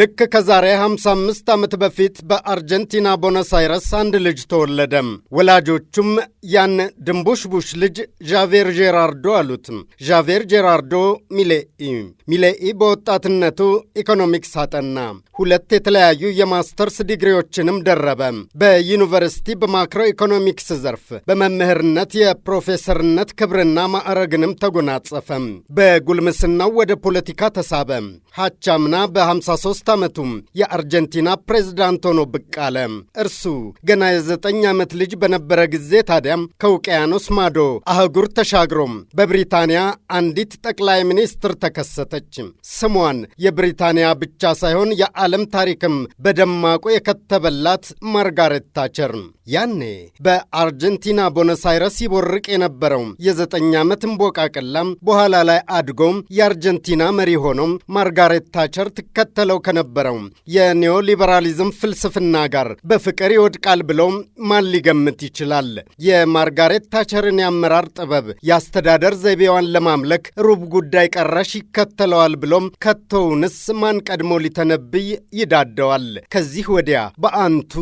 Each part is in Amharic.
ልክ ከዛሬ 55 ዓመት በፊት በአርጀንቲና ቦነስ አይረስ አንድ ልጅ ተወለደ። ወላጆቹም ያን ድንቡሽቡሽ ልጅ ዣቬር ጄራርዶ አሉት። ዣቬር ጄራርዶ ሚሌኢ። ሚሌኢ በወጣትነቱ ኢኮኖሚክስ አጠና። ሁለት የተለያዩ የማስተርስ ዲግሪዎችንም ደረበ። በዩኒቨርሲቲ በማክሮ ኢኮኖሚክስ ዘርፍ በመምህርነት የፕሮፌሰርነት ክብርና ማዕረግንም ተጎናጸፈ። በጉልምስናው ወደ ፖለቲካ ተሳበ። ሀቻምና በ53 በ ዓመቱም የአርጀንቲና ፕሬዝዳንት ሆኖ ብቅ አለ። እርሱ ገና የዘጠኝ ዓመት ልጅ በነበረ ጊዜ ታዲያም ከውቅያኖስ ማዶ አህጉር ተሻግሮም በብሪታንያ አንዲት ጠቅላይ ሚኒስትር ተከሰተች። ስሟን የብሪታንያ ብቻ ሳይሆን የዓለም ታሪክም በደማቁ የከተበላት ማርጋሬት ታቸር። ያኔ በአርጀንቲና ቦነስ አይረስ ይቦርቅ የነበረው የዘጠኝ ዓመት እምቦቃቅላም በኋላ ላይ አድጎም የአርጀንቲና መሪ ሆኖም ማርጋሬት ታቸር ትከተለው ከነበረው የኒዮሊበራሊዝም ፍልስፍና ጋር በፍቅር ይወድቃል ብለው ማን ሊገምት ይችላል? የማርጋሬት ታቸርን የአመራር ጥበብ የአስተዳደር ዘይቤዋን ለማምለክ ሩብ ጉዳይ ቀረሽ ይከተለዋል ብሎም ከቶውንስ ማን ቀድሞ ሊተነብይ ይዳደዋል? ከዚህ ወዲያ በአንቱ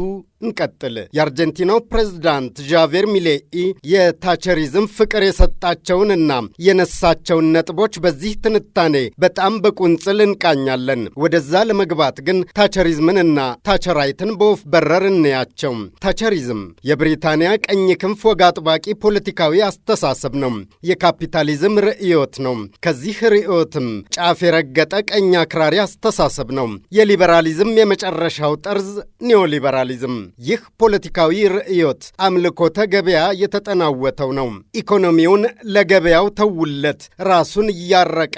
እንቀጥል። የአርጀንቲናው ፕሬዝዳንት ዣቬር ሚሌኢ የታቸሪዝም ፍቅር የሰጣቸውንና የነሳቸውን ነጥቦች በዚህ ትንታኔ በጣም በቁንጽል እንቃኛለን። ወደዛ ለመግባት ግን ታቸሪዝምንና ታቸራይትን በወፍ በረር እንያቸው። ታቸሪዝም የብሪታንያ ቀኝ ክንፍ ወግ አጥባቂ ፖለቲካዊ አስተሳሰብ ነው። የካፒታሊዝም ርዕዮት ነው። ከዚህ ርዕዮትም ጫፍ የረገጠ ቀኝ አክራሪ አስተሳሰብ ነው። የሊበራሊዝም የመጨረሻው ጠርዝ ኒዮሊበራሊዝም ይህ ፖለቲካዊ ርእዮት አምልኮተ ገበያ የተጠናወተው ነው። ኢኮኖሚውን ለገበያው ተውለት፣ ራሱን እያረቀ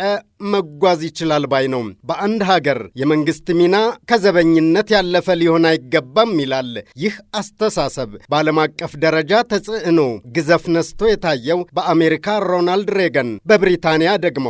መጓዝ ይችላል ባይ ነው። በአንድ ሀገር የመንግስት ሚና ከዘበኝነት ያለፈ ሊሆን አይገባም ይላል። ይህ አስተሳሰብ በዓለም አቀፍ ደረጃ ተጽዕኖ ግዘፍ ነስቶ የታየው በአሜሪካ ሮናልድ ሬገን፣ በብሪታንያ ደግሞ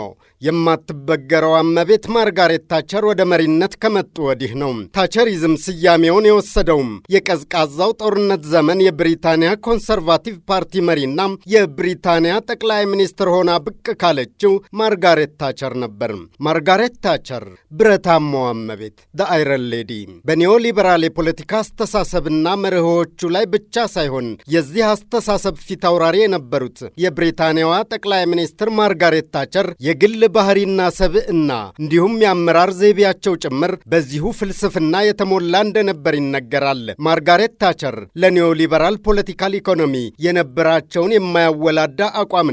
የማትበገረው እመቤት ማርጋሬት ታቸር ወደ መሪነት ከመጡ ወዲህ ነው። ታቸሪዝም ስያሜውን የወሰደውም የቀዝቃዛው ጦርነት ዘመን የብሪታንያ ኮንሰርቫቲቭ ፓርቲ መሪና የብሪታንያ ጠቅላይ ሚኒስትር ሆና ብቅ ካለችው ማርጋሬት ታቸር ነበር። ማርጋሬት ታቸር ብረታማዋ እመቤት ደ አይረን ሌዲ በኒዮ ሊበራል የፖለቲካ አስተሳሰብና መርሆቹ ላይ ብቻ ሳይሆን የዚህ አስተሳሰብ ፊት አውራሪ የነበሩት የብሪታንያዋ ጠቅላይ ሚኒስትር ማርጋሬት ታቸር የግል ባህሪና ሰብዕና እንዲሁም የአመራር ዘይቤያቸው ጭምር በዚሁ ፍልስፍና የተሞላ እንደነበር ይነገራል። ማርጋሬት ታቸር ለኒዮ ሊበራል ፖለቲካል ኢኮኖሚ የነበራቸውን የማያወላዳ አቋምና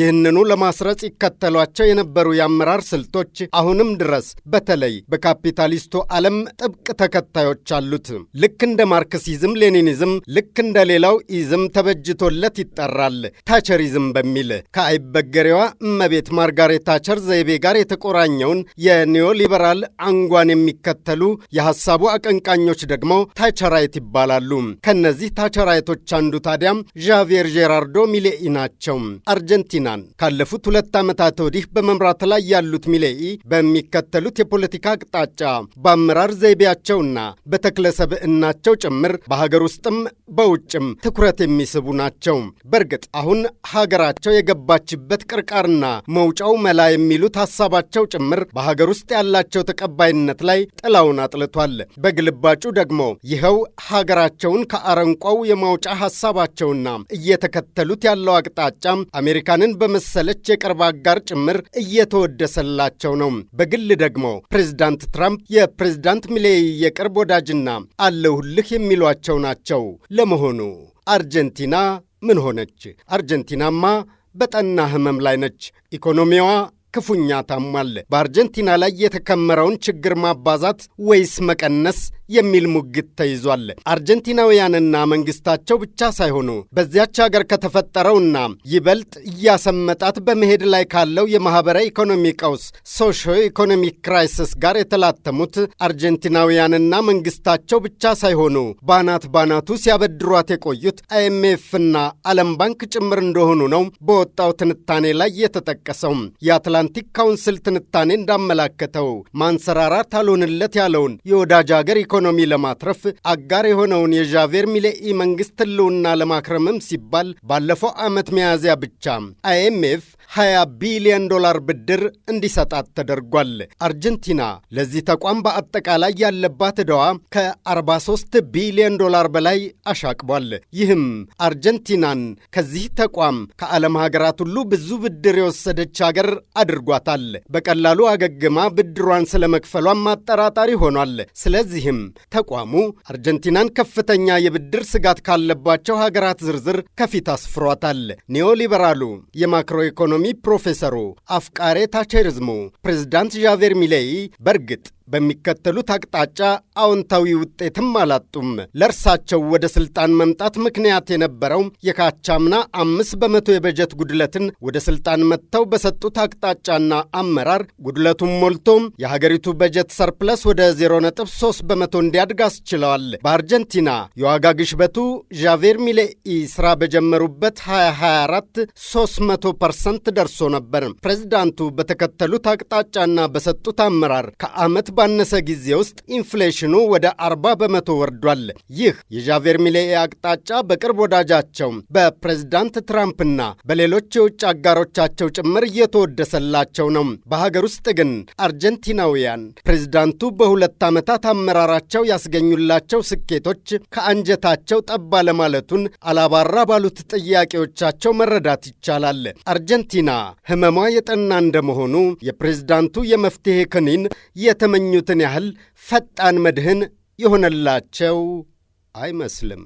ይህንኑ ለማስረጽ ይከተሏቸው የነበሩ የአመራር አሰራር ስልቶች አሁንም ድረስ በተለይ በካፒታሊስቱ ዓለም ጥብቅ ተከታዮች አሉት። ልክ እንደ ማርክሲዝም ሌኒኒዝም፣ ልክ እንደ ሌላው ኢዝም ተበጅቶለት ይጠራል ታቸሪዝም በሚል ከአይበገሬዋ እመቤት ማርጋሬት ታቸር ዘይቤ ጋር የተቆራኘውን የኒዮ ሊበራል አንጓን የሚከተሉ የሐሳቡ አቀንቃኞች ደግሞ ታቸራይት ይባላሉ። ከነዚህ ታቸራይቶች አንዱ ታዲያም ዣቪየር ጄራርዶ ሚሌኢ ናቸው። አርጀንቲናን ካለፉት ሁለት ዓመታት ወዲህ በመምራት ላይ ያሉት ሚሌኢ በሚከተሉት የፖለቲካ አቅጣጫ በአመራር ዘይቤያቸውና በተክለ ሰብዕናቸው ጭምር በሀገር ውስጥም በውጭም ትኩረት የሚስቡ ናቸው። በእርግጥ አሁን ሀገራቸው የገባችበት ቅርቃርና መውጫው መላ የሚሉት ሀሳባቸው ጭምር በሀገር ውስጥ ያላቸው ተቀባይነት ላይ ጥላውን አጥልቷል። በግልባጩ ደግሞ ይኸው ሀገራቸውን ከአረንቋው የማውጫ ሀሳባቸውና እየተከተሉት ያለው አቅጣጫ አሜሪካንን በመሰለች የቅርብ አጋር ጭምር እየተወደ እየታደሰላቸው ነው። በግል ደግሞ ፕሬዚዳንት ትራምፕ የፕሬዚዳንት ሚሌይ የቅርብ ወዳጅና አለሁልህ የሚሏቸው ናቸው። ለመሆኑ አርጀንቲና ምን ሆነች? አርጀንቲናማ በጠና ህመም ላይ ነች። ኢኮኖሚዋ ክፉኛ ታሟል። በአርጀንቲና ላይ የተከመረውን ችግር ማባዛት ወይስ መቀነስ የሚል ሙግት ተይዟል። አርጀንቲናውያንና መንግስታቸው ብቻ ሳይሆኑ በዚያች ሀገር ከተፈጠረውና ይበልጥ እያሰመጣት በመሄድ ላይ ካለው የማኅበራዊ ኢኮኖሚ ቀውስ ሶሾ ኢኮኖሚክ ክራይሲስ ጋር የተላተሙት አርጀንቲናውያንና መንግስታቸው ብቻ ሳይሆኑ ባናት ባናቱ ሲያበድሯት የቆዩት አይኤምኤፍና ዓለም ባንክ ጭምር እንደሆኑ ነው በወጣው ትንታኔ ላይ የተጠቀሰው። የአትላንቲክ ካውንስል ትንታኔ እንዳመላከተው ማንሰራራት አልሆንለት ያለውን የወዳጅ አገር ኢኮኖሚ ኢኮኖሚ ለማትረፍ አጋር የሆነውን የዣቬር ሚሌኢ መንግስት ህልውና ለማክረምም ሲባል ባለፈው ዓመት መያዝያ ብቻ አይኤምኤፍ 20 ቢሊዮን ዶላር ብድር እንዲሰጣት ተደርጓል። አርጀንቲና ለዚህ ተቋም በአጠቃላይ ያለባት ዕዳዋ ከ43 ቢሊዮን ዶላር በላይ አሻቅቧል። ይህም አርጀንቲናን ከዚህ ተቋም ከዓለም ሀገራት ሁሉ ብዙ ብድር የወሰደች ሀገር አድርጓታል። በቀላሉ አገግማ ብድሯን ስለመክፈሏም አጠራጣሪ ሆኗል። ስለዚህም ተቋሙ አርጀንቲናን ከፍተኛ የብድር ስጋት ካለባቸው ሀገራት ዝርዝር ከፊት አስፍሯታል። ኒዮሊበራሉ የማክሮ ኢኮኖሚ ኢኮኖሚ ፕሮፌሰሩ አፍቃሬ ታቼሪዝሙ ፕሬዝዳንት ዣቬር ሚሌይ በርግጥ በሚከተሉት አቅጣጫ አዎንታዊ ውጤትም አላጡም። ለእርሳቸው ወደ ስልጣን መምጣት ምክንያት የነበረው የካቻምና አምስት በመቶ የበጀት ጉድለትን ወደ ስልጣን መጥተው በሰጡት አቅጣጫና አመራር ጉድለቱን ሞልቶም የሀገሪቱ በጀት ሰርፕለስ ወደ 0.3 በመቶ እንዲያድግ አስችለዋል። በአርጀንቲና የዋጋ ግሽበቱ ዣቬር ሚሌኢ ስራ በጀመሩበት 2024 300 ፐርሰንት ደርሶ ነበር። ፕሬዚዳንቱ በተከተሉት አቅጣጫና በሰጡት አመራር ከአመት ባነሰ ጊዜ ውስጥ ኢንፍሌሽኑ ወደ 40 በመቶ ወርዷል። ይህ የዣቬር ሚሌ አቅጣጫ በቅርብ ወዳጃቸው በፕሬዝዳንት ትራምፕና በሌሎች የውጭ አጋሮቻቸው ጭምር እየተወደሰላቸው ነው። በሀገር ውስጥ ግን አርጀንቲናውያን ፕሬዝዳንቱ በሁለት ዓመታት አመራራቸው ያስገኙላቸው ስኬቶች ከአንጀታቸው ጠባ ለማለቱን አላባራ ባሉት ጥያቄዎቻቸው መረዳት ይቻላል። አርጀንቲና ህመሟ የጠና እንደመሆኑ የፕሬዝዳንቱ የመፍትሄ ክኒን የተመ የተመኙትን ያህል ፈጣን መድህን የሆነላቸው አይመስልም።